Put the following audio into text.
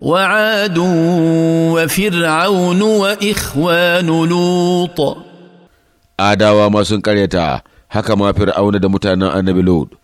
وعاد وفرعون وإخوان لوط آداوا ما سنكريتا haka ma fir'auna da mutanen annabi Lod.